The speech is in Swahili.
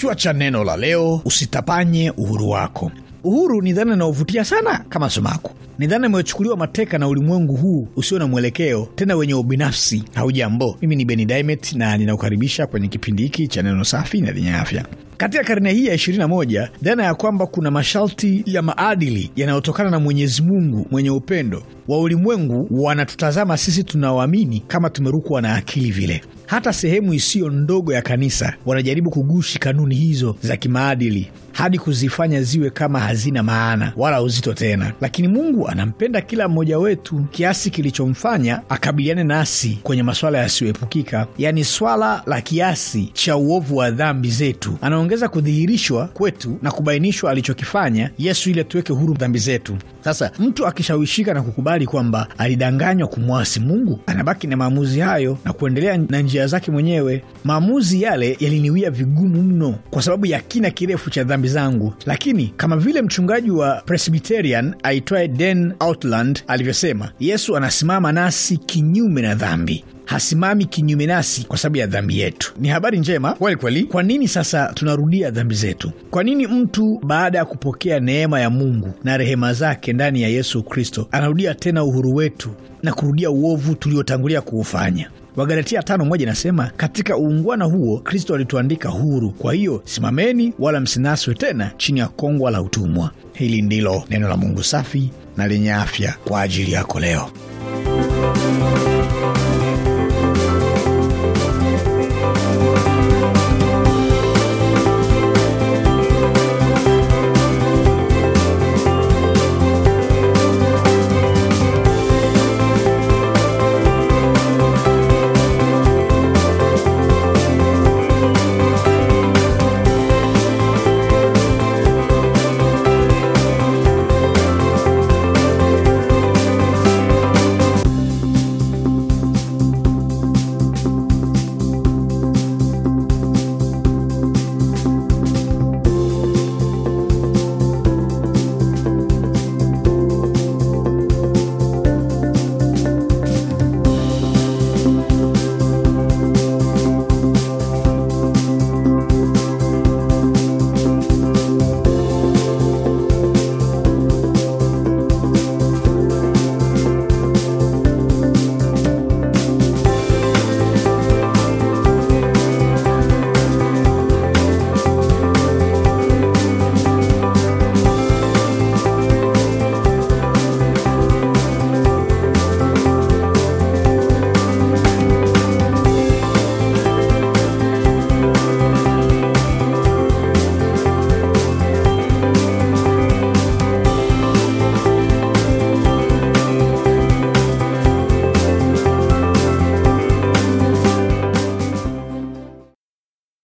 Kichwa cha neno la leo: usitapanye uhuru wako. Uhuru ni dhana inayovutia sana kama sumaku. Ni dhana imeyochukuliwa mateka na ulimwengu huu usio na mwelekeo tena wenye ubinafsi. Haujambo, mimi ni Beni Dimet na ninakukaribisha kwenye kipindi hiki cha neno safi na lenye afya. Katika karne hii ya 21 dhana ya kwamba kuna masharti ya maadili yanayotokana na Mwenyezi Mungu mwenye upendo wa ulimwengu wanatutazama sisi tunaoamini kama tumerukwa na akili vile hata sehemu isiyo ndogo ya kanisa wanajaribu kugushi kanuni hizo za kimaadili hadi kuzifanya ziwe kama hazina maana wala uzito tena. Lakini Mungu anampenda kila mmoja wetu kiasi kilichomfanya akabiliane nasi kwenye masuala yasiyoepukika, yaani swala la kiasi cha uovu wa dhambi zetu. Anaongeza kudhihirishwa kwetu na kubainishwa alichokifanya Yesu ili atuweke huru dhambi zetu. Sasa mtu akishawishika na kukubali kwamba alidanganywa kumwasi Mungu, anabaki na maamuzi hayo na kuendelea na njia zake mwenyewe. Maamuzi yale yaliniwia vigumu mno kwa sababu ya kina kirefu cha dhambi zangu, lakini kama vile mchungaji wa Presbyterian aitwaye Dan Outland alivyosema, Yesu anasimama nasi kinyume na dhambi hasimami kinyume nasi kwa sababu ya dhambi yetu. Ni habari njema kweli kweli. Kwa nini sasa tunarudia dhambi zetu? Kwa nini mtu baada ya kupokea neema ya Mungu na rehema zake ndani ya Yesu Kristo anarudia tena uhuru wetu na kurudia uovu tuliotangulia kuufanya? Wagalatia tano moja inasema katika uungwana huo Kristo alituandika huru, kwa hiyo simameni, wala msinaswe tena chini ya kongwa la utumwa. Hili ndilo neno la Mungu safi na lenye afya kwa ajili yako leo.